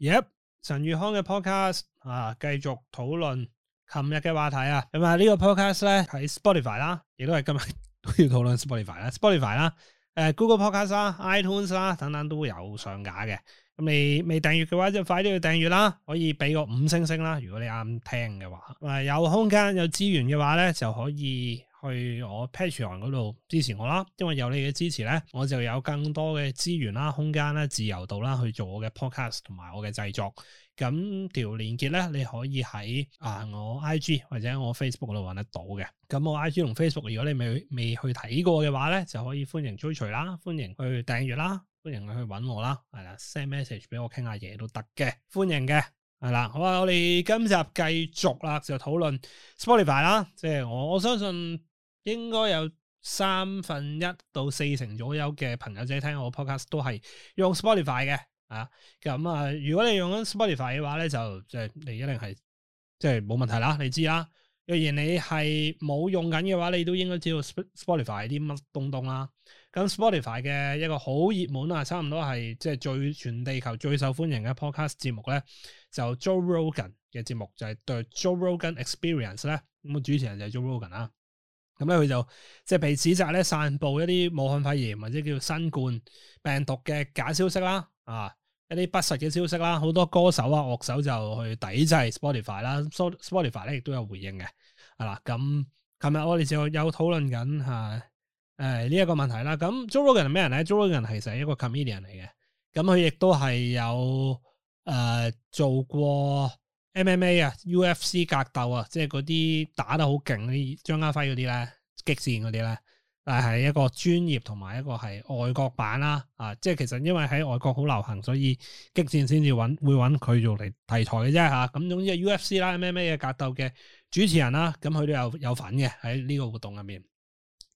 Yep，陳宇康嘅 podcast 啊，繼續討論琴日嘅話題啊。咁啊，呢個 podcast 呢喺 Spotify 啦，亦都係今日都要討論 Spotify 啦，Spotify 啦，呃、Google Podcast 啦，iTunes 啦，等等都有上架嘅。咁你未訂閱嘅話，就快啲去訂閱啦。可以畀個五星星啦。如果你啱聽嘅話，咁有空間有資源嘅話呢，就可以。去我 Patreon 度支持我啦，因為有你嘅支持咧，我就有更多嘅資源啦、空間啦、自由度啦，去做我嘅 podcast 同埋我嘅製作。咁條鏈接咧，你可以喺啊我 IG 或者我 Facebook 嗰度揾得到嘅。咁我 IG 同 Facebook，如果你未未去睇過嘅話咧，就可以歡迎追隨啦，歡迎去訂閱啦，歡迎去搵我啦，係啦 send message 俾我傾下嘢都得嘅，歡迎嘅，係啦。好啊，我哋今集繼續啦，就討論 Spotify 啦，即係我相信。應該有三分一到四成左右嘅朋友仔聽我嘅 podcast 都係用 Spotify 嘅啊，咁啊，如果你用緊 Spotify 嘅話咧，就即係你一定係即係冇問題啦，你知啦。若然你係冇用緊嘅話，你都應該知道 Spotify 啲乜東東啦。咁 Spotify 嘅一個好熱門啊，差唔多係即係最全地球最受歡迎嘅 podcast 節目咧，就 Joe Rogan 嘅節目就係、是、The Joe Rogan Experience 咧，咁個主持人就係 Joe Rogan 啦。咁咧佢就即係被指責咧散佈一啲武漢肺炎或者叫新冠病毒嘅假消息啦，啊，一啲不實嘅消息啦，好多歌手啊、樂手就去抵制 Spotify 啦、啊。Spotify 咧亦都有回應嘅、嗯，啊啦。咁琴日我哋就有討論緊吓、誒、呢一個問題啦。咁 Joe Rogan 係咩人咧？Joe Rogan 其實係一個 comedian 嚟嘅，咁佢亦都係有、呃、做過。MMA 啊，UFC 格鬥啊，即係嗰啲打得好勁嗰啲，張家輝嗰啲咧，激戰嗰啲咧，但係一個專業同埋一個係外國版啦、啊，啊，即係其實因為喺外國好流行，所以激戰先至揾會揾佢做嚟題材嘅啫吓。咁總之係 UFC 啦、啊，MMA 嘅格鬥嘅主持人啦、啊，咁佢都有有份嘅喺呢個活動入面。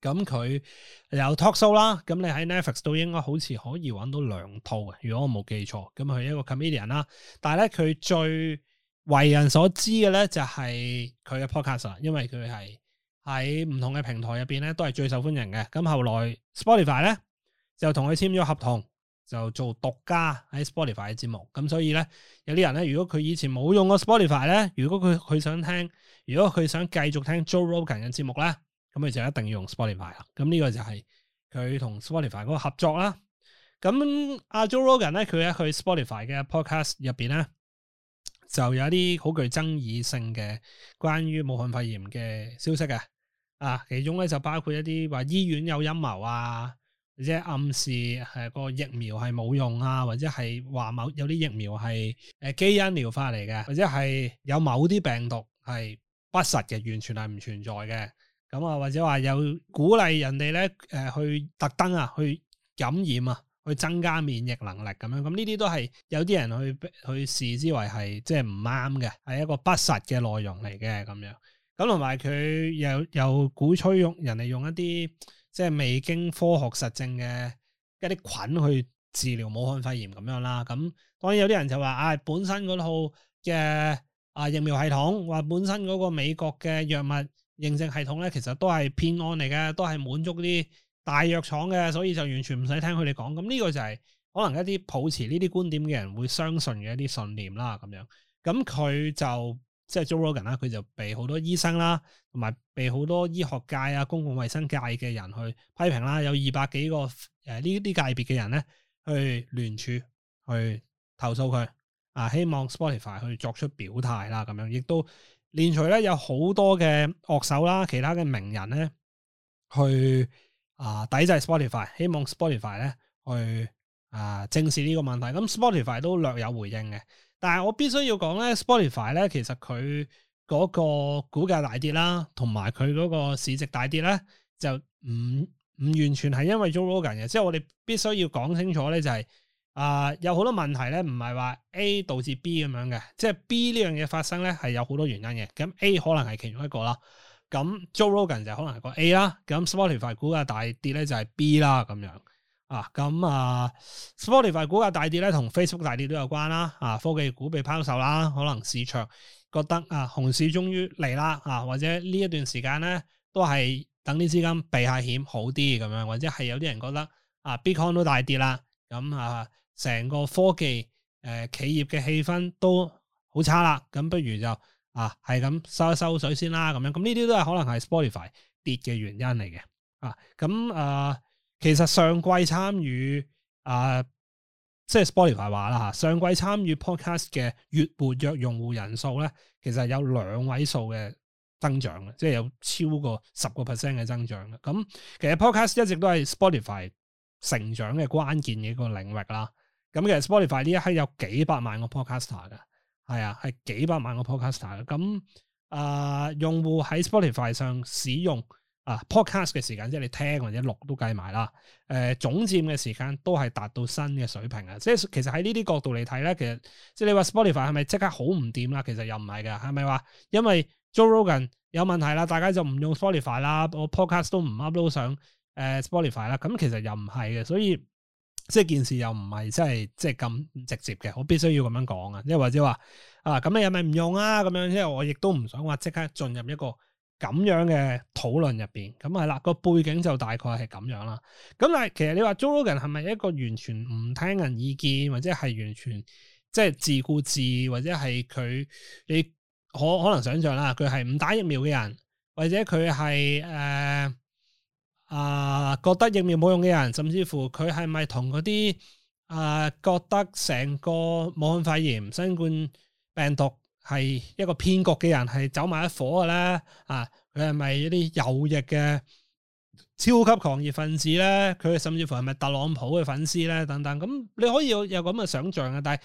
咁佢有 talk show 啦、啊，咁你喺 Netflix 都應該好似可以揾到兩套，如果我冇記錯，咁佢係一個 comedian 啦、啊。但係咧佢最為人所知嘅咧就係佢嘅 podcast 啦，因為佢係喺唔同嘅平台入邊咧都係最受歡迎嘅。咁後來 Spotify 咧就同佢簽咗合同，就做獨家喺 Spotify 嘅節目。咁所以咧有啲人咧，如果佢以前冇用過 Spotify 咧，如果佢佢想聽，如果佢想繼續聽 Joe Rogan 嘅節目咧，咁佢就一定要用 Spotify 啦。咁呢個就係佢同 Spotify 嗰個合作啦。咁阿、啊、Joe Rogan 咧，佢喺佢 Spotify 嘅 podcast 入邊咧。就有一啲好具爭議性嘅關於武漢肺炎嘅消息嘅，啊，啊，其中咧就包括一啲話醫院有陰謀啊，或者暗示係個、啊、疫苗係冇用啊，或者係話某有啲疫苗係基因療法嚟嘅，或者係有某啲病毒係不實嘅，完全係唔存在嘅。咁啊，或者話有鼓勵人哋咧、啊、去特登啊去感染啊。去增加免疫能力咁樣，咁呢啲都係有啲人去去視之為係即係唔啱嘅，係一個不實嘅內容嚟嘅咁樣。咁同埋佢又又鼓吹用人哋用一啲即係未經科學實證嘅一啲菌去治療武漢肺炎咁樣啦。咁當然有啲人就話啊，本身嗰套嘅啊疫苗系統，話本身嗰個美國嘅藥物認證系統咧，其實都係騙案嚟嘅，都係滿足啲。大藥廠嘅，所以就完全唔使聽佢哋講。咁呢個就係可能一啲抱持呢啲觀點嘅人會相信嘅一啲信念啦。咁樣，咁佢就即係 Joe Rogan 啦，佢、就係、就被好多醫生啦，同埋被好多醫學界啊、公共衛生界嘅人去批評啦。有二百幾個呢啲、呃、界別嘅人咧，去聯署去投訴佢啊，希望 Spotify 去作出表態啦。咁樣亦都連隨咧有好多嘅樂手啦，其他嘅名人咧去。啊、呃，抵制 Spotify，希望 Spotify 咧去啊、呃、正視呢個問題。咁 Spotify 都略有回應嘅，但係我必須要講咧，Spotify 咧其實佢嗰個股價大跌啦，同埋佢嗰個市值大跌咧，就唔唔完全係因為 Joe Rogan 嘅。即係我哋必須要講清楚咧，就係、是、啊、呃、有好多問題咧，唔係話 A 導致 B 咁樣嘅，即、就、係、是、B 呢樣嘢發生咧係有好多原因嘅，咁 A 可能係其中一個啦。咁 Joe Rogan 就可能係個 A 啦，咁 Spotify 股價大跌咧就係 B 啦咁樣啊，咁啊 Spotify 股價大跌咧同 Facebook 大跌都有關啦，啊科技股被拋售啦，可能市場覺得啊熊市終於嚟啦、啊、或者呢一段時間咧都係等啲資金避下險好啲咁樣，或者係有啲人覺得啊 Bitcoin 都大跌啦，咁啊成個科技誒、呃、企業嘅氣氛都好差啦，咁不如就。啊，係咁收一收水先啦，咁樣，咁呢啲都係可能係 Spotify 跌嘅原因嚟嘅、啊。啊，咁啊，其實上季參與啊，即係 Spotify 話啦吓，上季參與 Podcast 嘅月活躍用戶人數咧，其實係有兩位數嘅增長嘅，即係有超過十個 percent 嘅增長嘅。咁、啊、其實 Podcast 一直都係 Spotify 成長嘅關鍵嘅一個領域啦。咁、啊、其實 Spotify 呢一刻有幾百萬個 Podcaster 嘅。係啊，係幾百萬個 podcaster 嘅。咁啊，用戶喺 Spotify 上使用啊 podcast 嘅時間，即係你聽或者錄都計埋啦，誒、呃、總佔嘅時間都係達到新嘅水平啊！即係其實喺呢啲角度嚟睇咧，其實，在這些角度看呢，其實即係你話 Spotify 係咪即刻好唔掂啦？其實又唔係嘅，係咪話因為 Joe Rogan 有問題啦，大家就唔用 Spotify 啦，我 podcast 都唔 upload 上，上 Spotify 啦？咁、嗯、其實又唔係嘅，所以。即係件事又唔係真係即係咁直接嘅，我必須要咁樣講啊！亦或者話啊，咁你係咪唔用啊？咁樣因為我亦都唔想話即刻進入一個咁樣嘅討論入邊。咁係啦，個背景就大概係咁樣啦。咁但係其實你話 Joe Rogan 係咪一個完全唔聽人意見，或者係完全即係自顧自，或者係佢你可可能想象啦？佢係唔打疫苗嘅人，或者佢係誒。呃啊，覺得疫苗冇用嘅人，甚至乎佢係咪同嗰啲啊覺得成個武漢肺炎、新冠病毒係一個騙局嘅人，係走埋一夥嘅咧？啊，佢係咪一啲右翼嘅超級狂熱分子咧？佢甚至乎係咪特朗普嘅粉絲咧？等等，咁你可以有咁嘅想象嘅，但係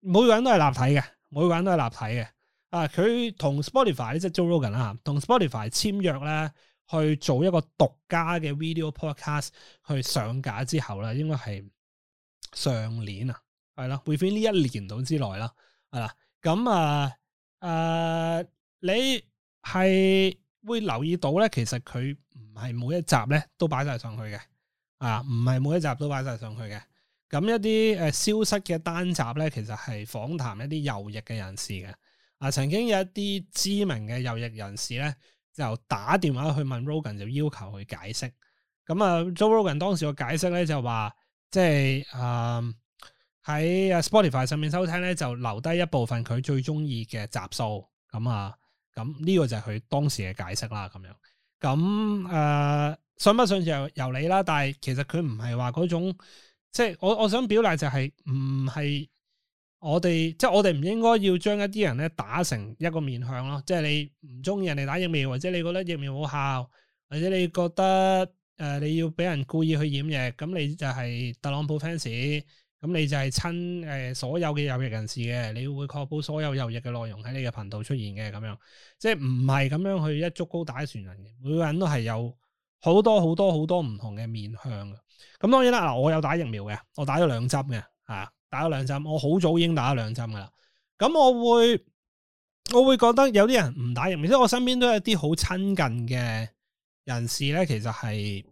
每個人都係立體嘅，每個人都係立體嘅。啊，佢同 Spotify 即係 Joe Rogan 啦，同 Spotify 簽約咧。去做一個獨家嘅 video podcast 去上架之後咧，應該係上年，這年啊，係啦 within 呢一年度之內啦，係啦。咁啊，誒，你係會留意到咧，其實佢唔係每一集咧都擺晒上去嘅，啊，唔係每一集都擺晒上去嘅。咁、啊、一啲誒消失嘅單集咧，其實係訪談一啲右翼嘅人士嘅。啊，曾經有一啲知名嘅右翼人士咧，就打電話去問 Rogan，就要求佢解釋。咁啊，Joe Rogan 當時個解釋咧就話，即係喺 Spotify 上面收聽咧，就留低一部分佢最中意嘅集數。咁啊，咁呢個就係佢當時嘅解釋啦。咁樣，咁信、呃、不信就由你啦。但係其實佢唔係話嗰種，即、就、係、是、我我想表達就係唔係。我哋即係我哋唔應該要將一啲人咧打成一個面向咯，即係你唔中意人哋打疫苗，或者你覺得疫苗冇效，或者你覺得誒、呃、你要俾人故意去染疫，咁你就係特朗普 fans，咁你就係親誒、呃、所有嘅右翼人士嘅，你會確保所有右翼嘅內容喺你嘅頻道出現嘅咁樣，即係唔係咁樣去一竹篙打一船人嘅，每個人都係有好多好多好多唔同嘅面向嘅。咁當然啦，我有打疫苗嘅，我打咗兩針嘅嚇。啊打咗兩針，我好早已經打咗兩針噶啦。咁我會，我會覺得有啲人唔打疫苗，即我身邊都有啲好親近嘅人士咧，其實係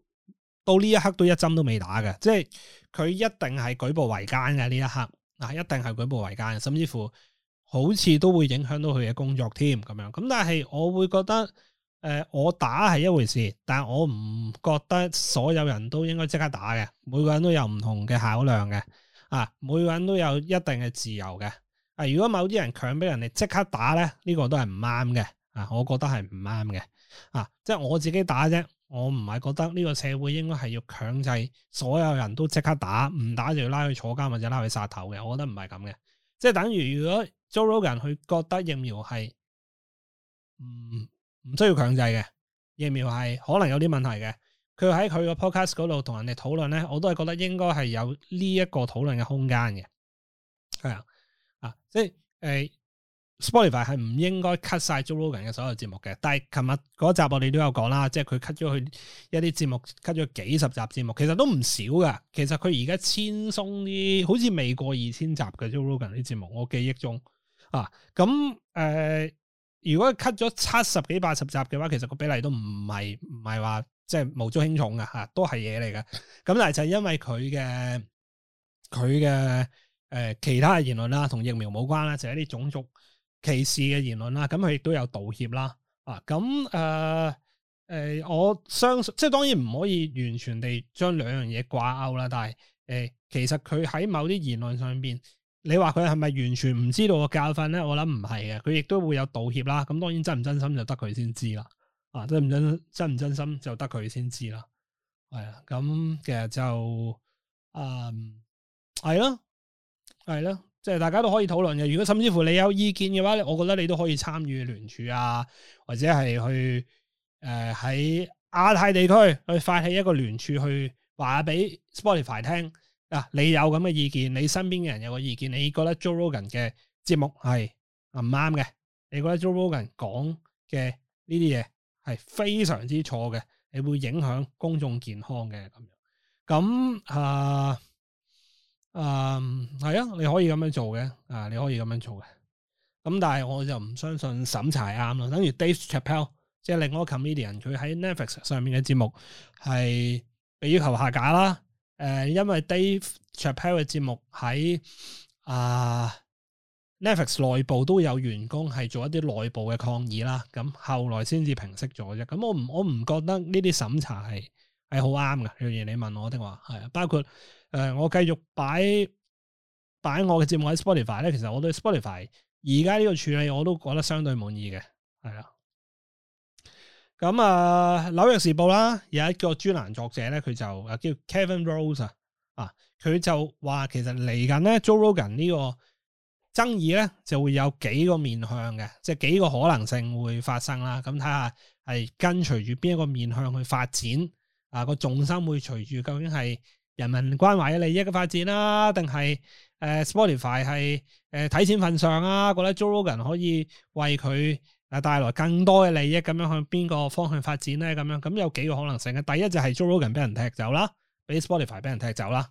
到呢一刻都一針都未打嘅，即係佢一定係舉步維艱嘅呢一刻，啊、一定係舉步維艱，甚至乎好似都會影響到佢嘅工作添咁樣。咁但係我會覺得，誒、呃，我打係一回事，但我唔覺得所有人都應該即刻打嘅，每個人都有唔同嘅考量嘅。啊，每個人都有一定嘅自由嘅。啊，如果某啲人強俾人哋即刻打咧，呢個都係唔啱嘅。啊，我覺得係唔啱嘅。啊，即係我自己打啫，我唔係覺得呢個社會應該係要強制所有人都即刻打，唔打就要拉去坐監或者拉去殺頭嘅。我覺得唔係咁嘅。即係等於如果 Joe Rogan 佢覺得疫苗係唔唔需要強制嘅，疫苗係可能有啲問題嘅。佢喺佢個 podcast 嗰度同人哋討論咧，我都係覺得應該係有呢一個討論嘅空間嘅，係啊，啊，即係誒、欸，Spotify 係唔應該 cut 晒 Joe Rogan 嘅所有節目嘅。但係琴日嗰集我哋都有講啦，即係佢 cut 咗佢一啲節目，cut 咗幾十集節目，其實都唔少噶。其實佢而家千鬆啲，好似未過二千集嘅 Joe Rogan 啲節目，我記憶中啊，咁誒、呃，如果 cut 咗七十幾八十集嘅話，其實個比例都唔係唔係話。不是說即係無足輕重噶吓，都係嘢嚟噶。咁但係就係因為佢嘅佢嘅誒其他嘅言論啦，同疫苗冇關啦，就係、是、一啲種族歧視嘅言論啦。咁佢亦都有道歉啦。啊，咁誒誒，我相信即係當然唔可以完全地將兩樣嘢掛鈎啦。但係誒、呃，其實佢喺某啲言論上邊，你話佢係咪完全唔知道個教訓咧？我諗唔係嘅，佢亦都會有道歉啦。咁當然真唔真心就得佢先知啦。啊，真唔真真唔真心，就得佢先知啦。係啊，咁、嗯、其實就嗯係咯，係咯，即係、就是、大家都可以討論嘅。如果甚至乎你有意見嘅話，我覺得你都可以參與聯署啊，或者係去誒喺亞太地區去發起一個聯署，去話俾 Spotify 聽啊，你有咁嘅意見，你身邊嘅人有個意見，你覺得 Joe Rogan 嘅節目係唔啱嘅，你覺得 Joe Rogan 講嘅呢啲嘢，係非常之錯嘅、啊啊，你會影響公眾健康嘅咁樣的。咁啊啊係啊，你可以咁樣做嘅啊，你可以咁樣做嘅。咁但係我就唔相信審查係啱咯。等於 Dave Chappelle 即係另外一個 comedian，佢喺 Netflix 上面嘅節目係被要求下架啦。誒、啊，因為 Dave Chappelle 嘅節目喺啊。Netflix 內部都有員工係做一啲內部嘅抗議啦，咁後來先至平息咗啫。咁我唔我唔覺得呢啲審查係係好啱嘅。樣嘢你問我的話，係包括誒、呃，我繼續擺擺我嘅節目喺 Spotify 咧。其實我對 Spotify 而家呢個處理我都覺得相對滿意嘅，係啊。咁啊，呃《紐約時報》啦，有一個專欄作者咧，佢就、啊、叫 Kevin Rose 啊，啊，佢就話其實嚟緊咧，Joe Rogan 呢個爭議咧就會有幾個面向嘅，即係幾個可能性會發生啦。咁睇下係跟隨住邊一個面向去發展啊？個重心會隨住究竟係人民關懷嘅利益嘅發展啦，定係、呃、Spotify 係呃睇錢份上啊？覺得 Joe Rogan 可以為佢誒帶來更多嘅利益，咁樣向邊個方向發展咧？咁樣咁有幾個可能性嘅？第一就係 Joe Rogan 俾人踢走啦，俾 Spotify 俾人踢走啦。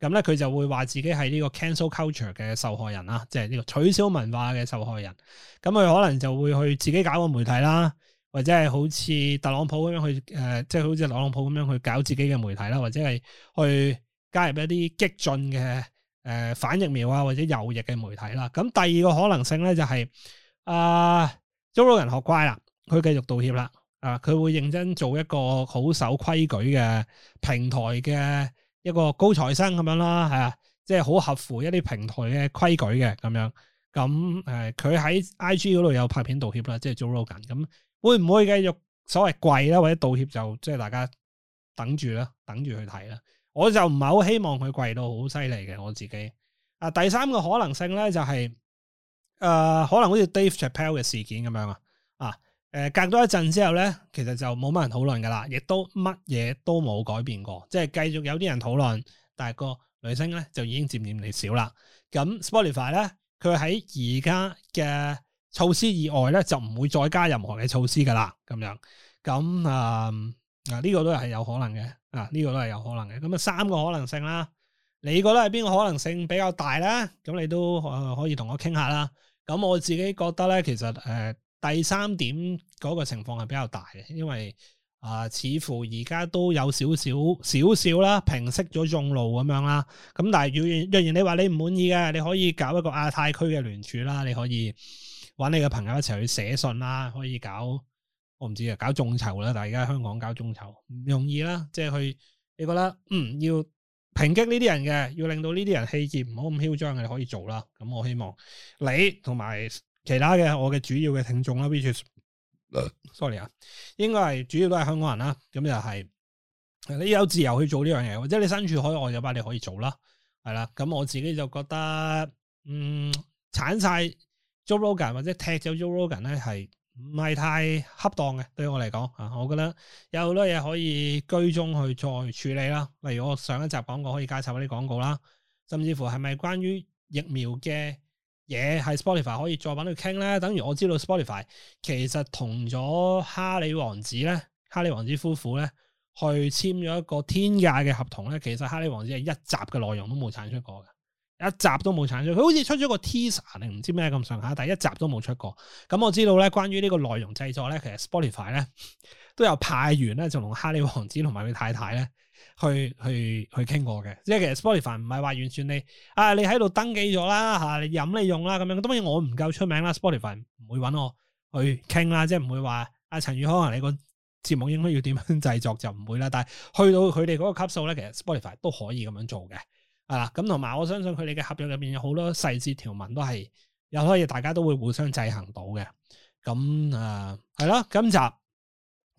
咁咧，佢就會話自己係呢個 cancel culture 嘅受害人啦，即係呢個取消文化嘅受害人。咁佢可能就會去自己搞個媒體啦，或者係好似特朗普咁樣去即係、呃即係、好似特朗普咁樣去搞自己嘅媒體啦，或者係去加入一啲激進嘅、呃、反疫苗啊或者右翼嘅媒體啦。咁第二個可能性咧就係、是、啊，Joe、呃、Rogan 學乖啦，佢繼續道歉啦。啊、呃，佢會認真做一個好守規矩嘅平台嘅。一個高材生咁樣啦，係啊，即係好合乎一啲平台嘅規矩嘅咁樣，咁誒，佢喺 I G 嗰度有拍片道歉啦，即係 Joe Rogan，咁會唔會繼續所謂跪啦？或者道歉就即係、就是、大家等住啦，等住去睇啦。我就唔係好希望佢跪到好犀利嘅，我自己。啊，第三個可能性咧就係、是、誒、呃，可能好似 Dave Chappelle 嘅事件咁樣啊。誒，隔多一陣之後咧，其實就冇乜人討論噶啦亦都乜嘢都冇改變過，即係繼續有啲人討論，但係個女星咧就已經漸漸嚟少啦。咁 Spotify 咧，佢喺而家嘅措施以外咧，就唔會再加任何嘅措施噶啦。咁樣，咁啊啊呢個都係有可能嘅，啊呢個都係有可能嘅。咁啊三個可能性啦，你覺得係邊個可能性比較大咧？咁你都、呃、可以同我傾下啦。咁我自己覺得咧，其實誒。呃第三點嗰個情況係比較大嘅，因為啊、呃，似乎而家都有少少少少啦，平息咗眾怒咁樣啦。咁但係若然若然你話你唔滿意嘅，你可以搞一個亞太區嘅聯署啦，你可以揾你嘅朋友一齊去寫信啦，可以搞我唔知啊，搞眾籌啦，但係而家香港搞眾籌唔容易啦，即係去你覺得嗯要抨擊呢啲人嘅，要令到呢啲人氣焰唔好咁囂張嘅，你可以做啦。咁我希望你同埋其他嘅我嘅主要嘅聽眾啦 which is sorry 啊， 應該是主要都是香港人啦，咁又是你有自由去做呢樣嘢，或者你身處海外嘅話，你可以做啦，係啦。咁我自己就覺得，嗯，鏟晒 Joe Rogan 或者踢走 Joe Rogan 呢係唔係太恰當嘅，對我嚟講啊，我覺得有好多嘢可以居中去再處理啦。例如我上一集講過，可以加插一啲廣告啦，甚至乎係咪關於疫苗嘅？嘢、yeah, 係 Spotify 可以再搵佢傾啦，等於我知道 Spotify 其實同咗哈利王子咧、哈利王子夫婦咧去簽咗一個天價嘅合同咧，其實哈利王子係一集嘅內容都冇產出過嘅，一集都冇產出，佢好似出咗個 teaser 定唔知咩咁上下，但係一集都冇出過。咁我知道咧，關於呢個內容製作咧，其實 Spotify 咧都有派完咧，就同哈利王子同埋佢太太咧。去去去傾過嘅，即係其實 Spotify 唔係話完全你啊，你喺度登記咗啦吓，你飲你用啦咁樣。當然我唔夠出名啦，Spotify 唔會搵我去傾啦，即係唔會話阿陳宇康啊，康你個節目應該要點樣製作就唔會啦。但係去到佢哋嗰個級數咧，其實 Spotify 都可以咁樣做嘅。啊，咁同埋我相信佢哋嘅合約入邊有好多細節條文都係，有可以大家都會互相制衡到嘅。咁誒，係、啊、啦，今集。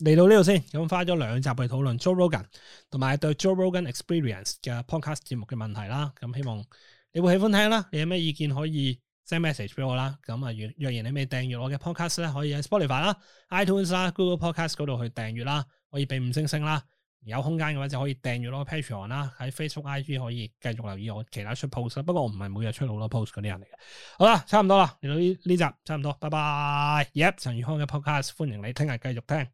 嚟到呢度先，咁花咗兩集去討論 Joe Rogan 同埋對 Joe Rogan Experience 嘅 podcast 節目嘅問題啦。咁希望你會喜歡聽啦。你有咩意見可以 send message 畀我啦。咁啊，若然你未訂閱我嘅 podcast 咧，可以喺 Spotify 啦、iTunes 啦、Google Podcast 嗰度去訂閱啦。可以畀五星星啦。有空間嘅話就可以訂閱我個 Patreon 啦，喺 Facebook IG 可以繼續留意我其他出 post 啦。不過我唔係每日出好多 post 嗰啲人嚟嘅。好啦，差唔多啦，嚟到呢呢集差唔多，拜拜。Yep，陳宇康嘅 podcast 歡迎你，聽日繼續聽。